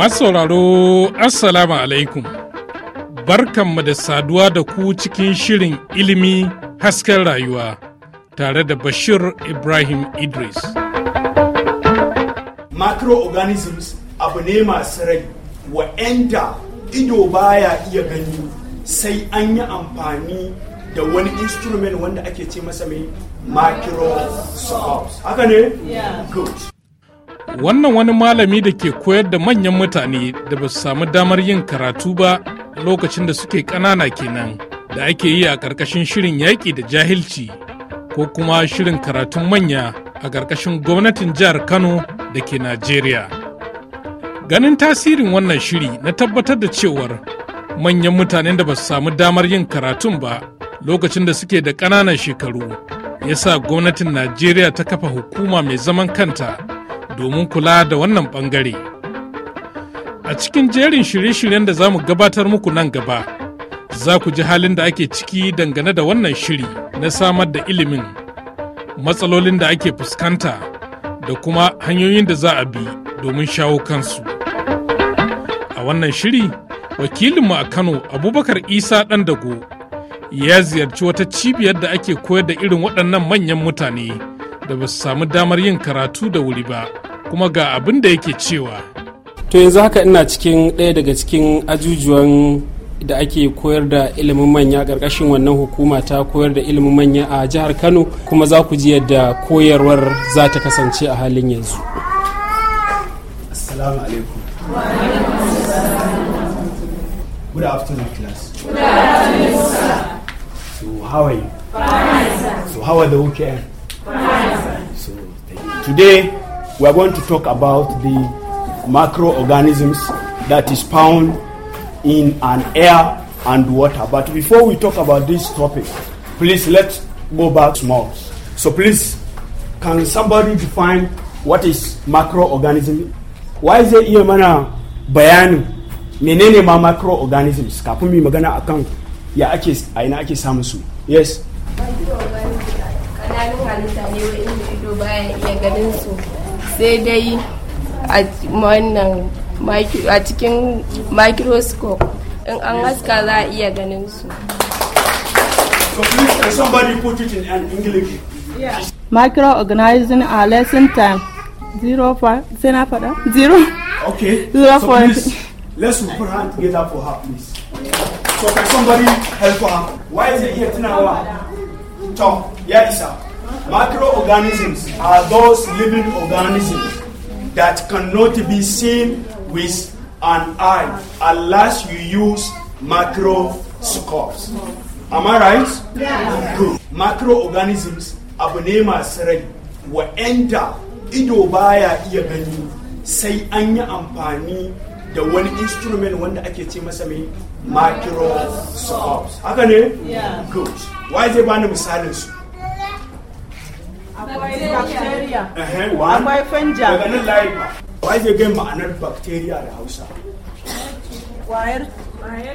Masu sauraro Assalamu alaikum. Barkanmu da saduwa da ku cikin shirin ilimi hasken rayuwa tare da Bashir Ibrahim Idris. organisms abu ne masu rai wa'yanda ido baya iya gani sai an yi amfani da wani instrument wanda ake ce masa mai microscope. Haka ne? Good. Wannan wani malami da ke koyar da manyan mutane da ba su samu damar yin karatu ba lokacin da suke ƙanana kenan da ake yi a ƙarƙashin shirin yaƙi da jahilci ko kuma shirin karatun manya a ƙarƙashin gwamnatin jihar Kano da ke Najeriya. Ganin tasirin wannan shiri na tabbatar da cewar manyan mutanen da ba su samu damar yin karatun ba lokacin da suke da ƙananan shekaru ya sa gwamnatin Najeriya ta kafa hukuma mai zaman kanta domin kula da wannan bangare. A cikin jerin shirye-shiryen da za mu gabatar muku nan gaba, za ku ji halin da ake ciki dangane da wannan shiri na samar da ilimin, matsalolin da ake fuskanta da kuma hanyoyin da za a bi domin shawo kansu. A wannan shiri, wakilinmu a Kano Abubakar Isa ɗan dago ya ziyarci wata cibiyar da ake koyar da irin waɗannan manyan mutane da ba su samu damar yin karatu da wuri ba kuma ga abin da yake cewa to yanzu haka ina cikin ɗaya daga cikin ajujuwan da ake koyar da ilimin manya ƙarƙashin wannan hukuma ta koyar da ilimin manya a jihar kano kuma za ku ji yadda koyarwar za ta kasance a halin yanzu assalamu alaikum good afternoon class good afternoon sir so how are you fine sir so how are the weekend fine sir so today we are going to talk about the macroorganisms that is found in an air and water. But before we talk about this topic, please let's go back small. So please, can somebody define what is macroorganism? Why is it iya mana bayani menene ma macroorganisms kafin mu magana akan ya ake aina ina ake su? Yes. Kananun halitta ne ido baya iya ganin su sai dai a cikin microscope in an haska za a iya ganin su microorganism a lesson time zero five sai na faɗa zero okay so please let's put hand together for her please so can somebody help her why is it here tunawa to ya isa Microorganisms are those living organisms that cannot be seen with an eye unless you use microscopes. Am I right? Yeah. Good. Microorganisms, abu ne masu rai, wa'yanda ido baya iya gani sai an yi one da wani instrument wanda ake ce masa mai microscopes. Haka ne? Yeah. Good. Why zai bani misalin su? bacteria. Akwai fungi. Daga nan layi ba. bacteria da Hausa. Kwayar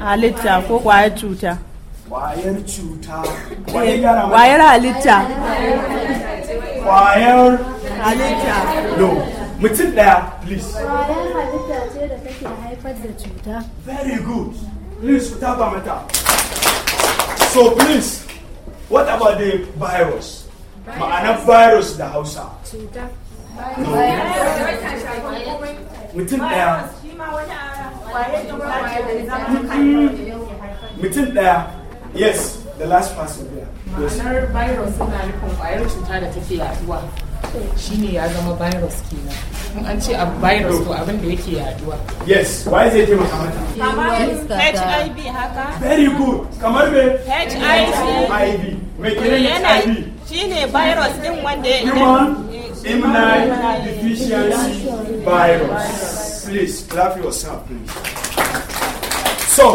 halitta ko kwayar cuta. Kwayar cuta. Kwayar halitta. Kwayar No. Mutum ɗaya, please. Kwayar halitta ce da take haifar da cuta. Very good. Please, ku taba mata. So, please, what about the virus? ma'anar virus da hausa mutum daya mutum ɗaya yes the last person there ma'anar virus suna nufin kwayar cuta da take yaduwa shine ya zama virus kenan in an ce abu virus to abin da yake yaduwa yes why zai ce maka mata kamar hiv haka very good kamar me hiv me kenan hiv shine virus din wanda human immunodeficiency virus please clap yourself please so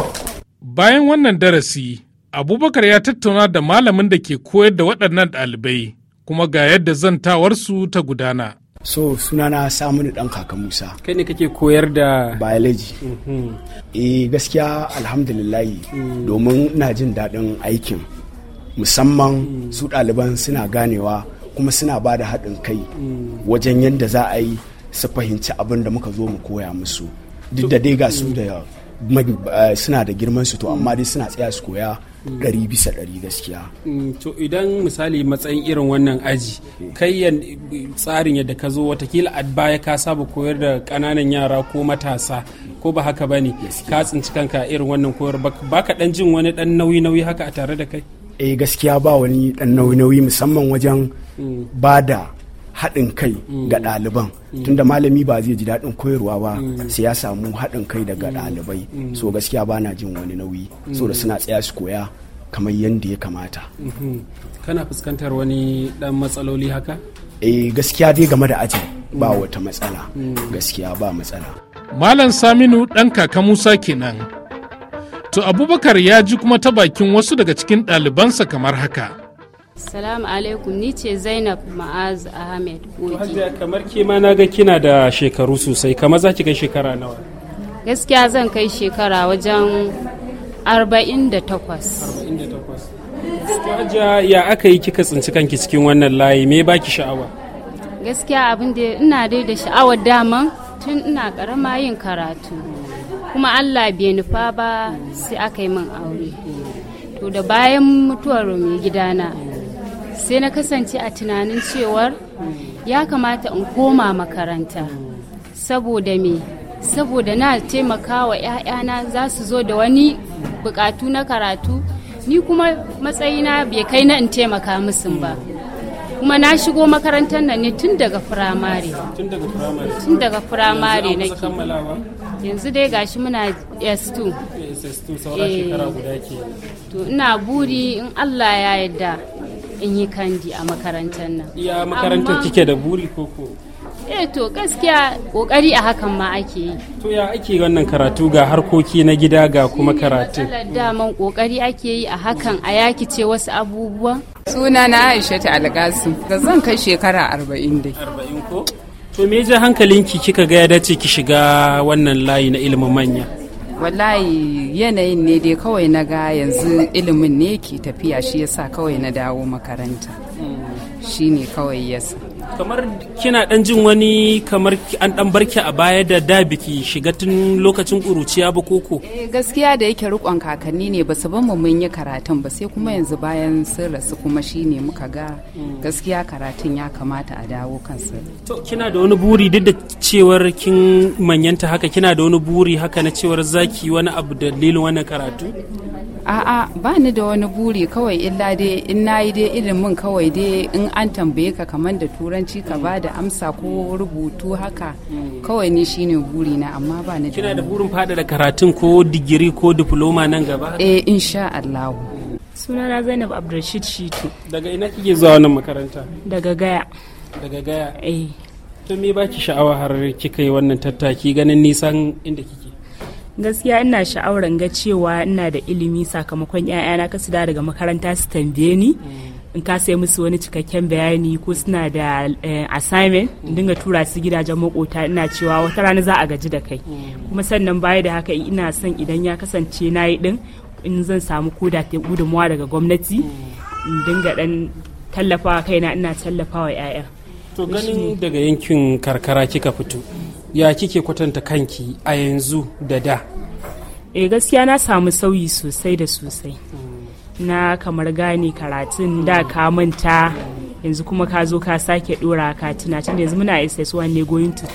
bayan wannan darasi abubakar ya tattauna da malamin da ke koyar da waɗannan ɗalibai kuma ga yadda zan zantawarsu ta gudana so sunana samuni dan kaka musa kai ne kake koyar da biology mhm. eh gaskiya alhamdulillahi mm. domin ina jin daɗin aikin musamman su ɗaliban suna ganewa kuma suna ba da haɗin kai wajen yadda za a yi su fahimci abin da muka zo mu koya musu duk da dai ga su da eh, suna da girman su to amma dai suna tsaya su koya ɗari bisa ɗari gaskiya. Mm, to idan misali matsayin irin wannan aji kai tsarin yadda ka zo watakila a baya ka saba koyar da ƙananan yara ko matasa ko ba haka ba ne ka tsinci kanka irin wannan koyar ba ka ɗan jin wani ɗan nauyi-nauyi haka a tare da kai. eh gaskiya ba wani dan nauyi musamman wajen mm. ba da haɗin kai mm. ga ɗaliban mm. tunda malami ba zai ji daɗin koyarwa ba sai ya samu haɗin kai daga ɗalibai so gaskiya ba na jin wani nauyi so da suna tsaya su koya kamar yadda ya kamata mm-hmm. kana fuskantar wani ɗan matsaloli haka eh gaskiya dai game da ajin ba wata matsala gaskiya ba matsala malam saminu ɗan kaka musa kenan To Abubakar ya ji kuma ta bakin wasu daga cikin ɗalibansa kamar haka. Salamu alaikum ni ce Zainab Ma'az Ahmed Goji. kamar ke ma na ga kina da shekaru sosai kamar za ki kai shekara nawa? Gaskiya zan kai shekara wajen 48. 48. Hajiya ya aka yi kika tsinci kanki cikin wannan layi me baki sha'awa? Gaskiya abin da ina dai da sha'awar daman tun ina karama yin karatu kuma allah bai nufa ba sai aka yi min aure to da bayan mutuwar mai gidana sai na kasance a tunanin cewar ya kamata in koma makaranta saboda me saboda na taimaka wa 'ya'yana za su zo da wani bukatu na karatu ni kuma matsayina bai kai na in taimaka musu ba kuma na shigo makarantar nan ne tun daga firamare tun daga firamare na ke yanzu dai gashi muna s2 eh. to ina buri in allah ya yadda in yi kandi a makarantar nan iya makarantar kike da buri koko. eh to gaskiya kokari a hakan ma ake yi to ya ake wannan karatu ga harkoki na gida ga kuma karatu daman kokari ake yi a hakan a ce wasu abubuwa suna na aisha ta algasu da zan kai shekara arba'in dai arba'in ko to me hankalinki kika ga ya dace ki shiga wannan layi na ilimin manya wallahi yanayin ne dai kawai na ga yanzu ilimin ne ke tafiya shi yasa kawai na dawo makaranta mm. shi ne kawai yasa kamar kina dan jin wani kamar an dan barki a baya da da biki shiga tun lokacin kuruciya ba koko eh gaskiya da yake rikon kakanni ne ba saban mu mun yi karatun ba sai kuma yanzu bayan sun rasu kuma shine muka ga gaskiya karatun ya kamata a dawo kansa to kina da wani buri duk da cewar kin manyanta haka kina da wani buri haka na cewar zaki wani abu dalilin wani karatu a'a ba ni da wani buri kawai illa dai in nayi dai ilimin kawai dai in an tambaye ka kamar da turanci ka ba da amsa ko rubutu haka kawai ni shine buri na amma ba ni da kina da burin fada da karatun ko digiri ko diploma nan gaba eh insha Allah na Zainab Abdulrashid Shitu daga ina kike zuwa wannan makaranta daga Gaya daga Gaya eh to me baki sha'awa har kika yi wannan tattaki ganin nisan inda kike gaskiya ina sha'awar ga cewa ina da ilimi sakamakon 'ya'yana kasu da daga makaranta su tambaye ni mm. in ka sai musu wani cikakken bayani ko suna da eh, assignment in dinga mm. tura su gidajen makota ina cewa wata rana za a gaji da kai mm. kuma sannan baya da haka ina son idan ya kasance na yi din in zan samu koda ta gudunmawa daga gwamnati in dinga dan tallafawa kaina ina tallafawa 'ya'ya to ganin daga yankin karkara kika fito ya kike kwatanta kanki a yanzu da da eh gaskiya na samu sauyi sosai da sosai na kamar gane karatun da ka manta yanzu kuma ka zo ka sake dora ka tuna tun yanzu muna ss1 ne going to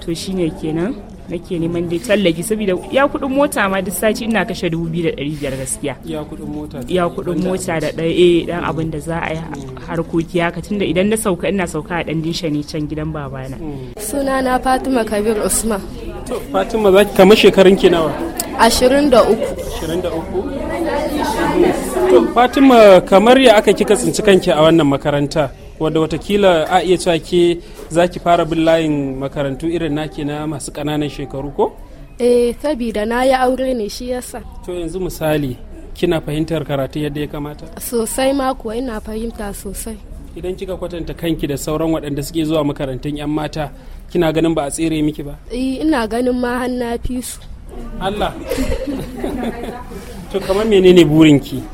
to shine kenan nake neman dai tallafi saboda ya kuɗin mota ma duk sati ina kashe dubu biyu da ɗari biyar gaskiya ya kuɗin mota ya mota da ɗaya eh dan abin da za a yi mm. harkoki haka tunda idan na sauka ina sauka a ɗan dinsha ne can gidan babana mm. suna na fatima kabir usman to fatima za ki kama shekarun ki nawa ashirin da uku ashirin da uku to fatima kamar ya aka kika tsinci kanki a wannan makaranta wanda watakila a iya cewa ke za ki fara bin layin makarantu irin naki na masu ƙananan shekaru ko? eh sabida na yi aure ne shi yasa to yanzu misali kina fahimtar karatu yadda ya kamata sosai ma kuwa ina fahimta sosai idan kika kwatanta kanki da sauran waɗanda suke zuwa makarantun 'yan mata kina ganin ba a tsere miki ba eh, ina ganin ma hanna fi su allah to kamar menene burinki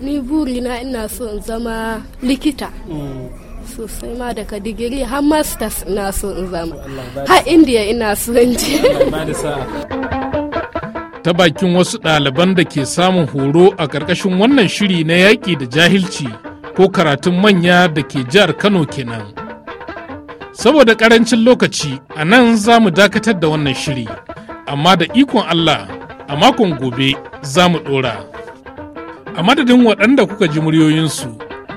ni burina ina son zama likita mm. sosai ma daga digiri har masters ina so in zama har indiya ina so in je ta bakin wasu ɗaliban da ke samun horo a ƙarƙashin wannan shiri na yaƙi da jahilci ko karatun manya da ke jihar kano kenan saboda ƙarancin lokaci a nan za mu dakatar da wannan shiri amma da ikon allah a makon gobe za mu ɗora a madadin waɗanda kuka ji muryoyinsu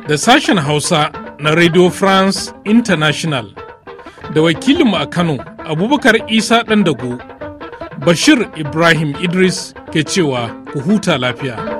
da sashen hausa na Radio France International da wakilinmu a Kano Abubakar Isa Dandago Bashir Ibrahim Idris ke cewa ku huta lafiya.